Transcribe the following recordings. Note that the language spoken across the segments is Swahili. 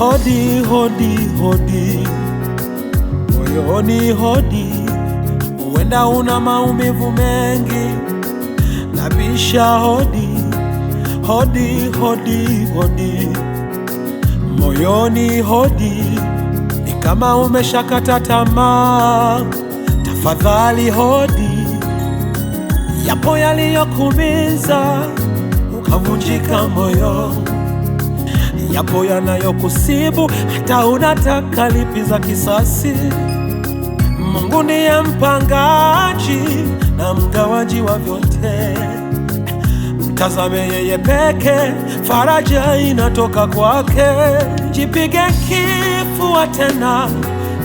Hodi, hodi, hodi, moyoni hodi. Huenda una maumivu mengi, nabisha hodi, hodi, hodi, hodi, moyoni hodi. Ni kama umeshakata tamaa, tafadhali hodi. Yapo yaliyokumiza ukavunjika moyo yapo yanayokusibu, hata unataka lipi za kisasi. Mungu ndiye mpangaji na mgawaji wa vyote, mtazame yeye peke, faraja inatoka kwake. Jipige kifua tena,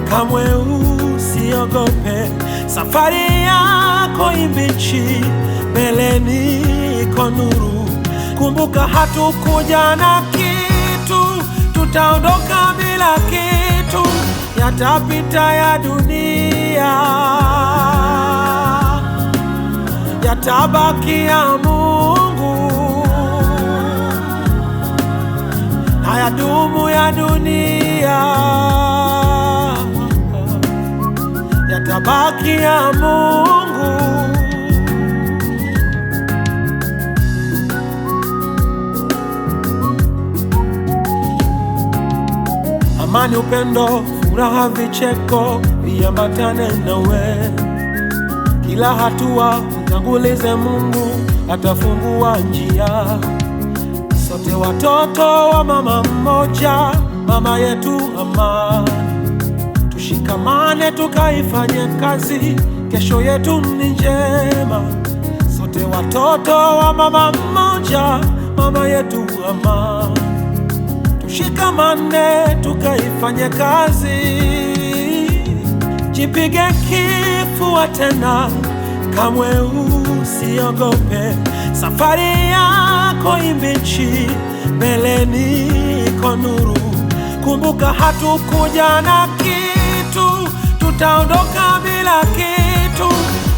kamwe usiogope, safari yako imbichi, mbeleni iko nuru. Kumbuka hatukuja na Utaondoka bila kitu, yatapita ya dunia, yatabaki ya Mungu na yadumu ya dunia, yatabaki ya Mungu. amani, upendo, furaha, vicheko viambatane nawe kila hatua. Mtangulize Mungu, atafungua njia. Sote watoto wa mama mmoja, mama yetu Amani. Tushikamane tukaifanye kazi, kesho yetu ni njema. Sote watoto wa mama mmoja, mama yetu Amani shikamane, tukaifanye kazi, jipige kifua tena, kamwe usiogope. Safari yako imbichi, mbeleni iko nuru. Kumbuka hatukuja na kitu, tutaondoka bila kitu,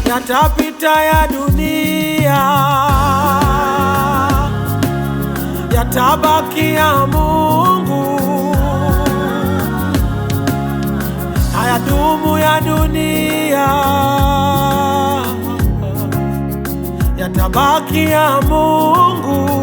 yatapita ya dunia, yatabaki ya Mungu. tabaki ya Mungu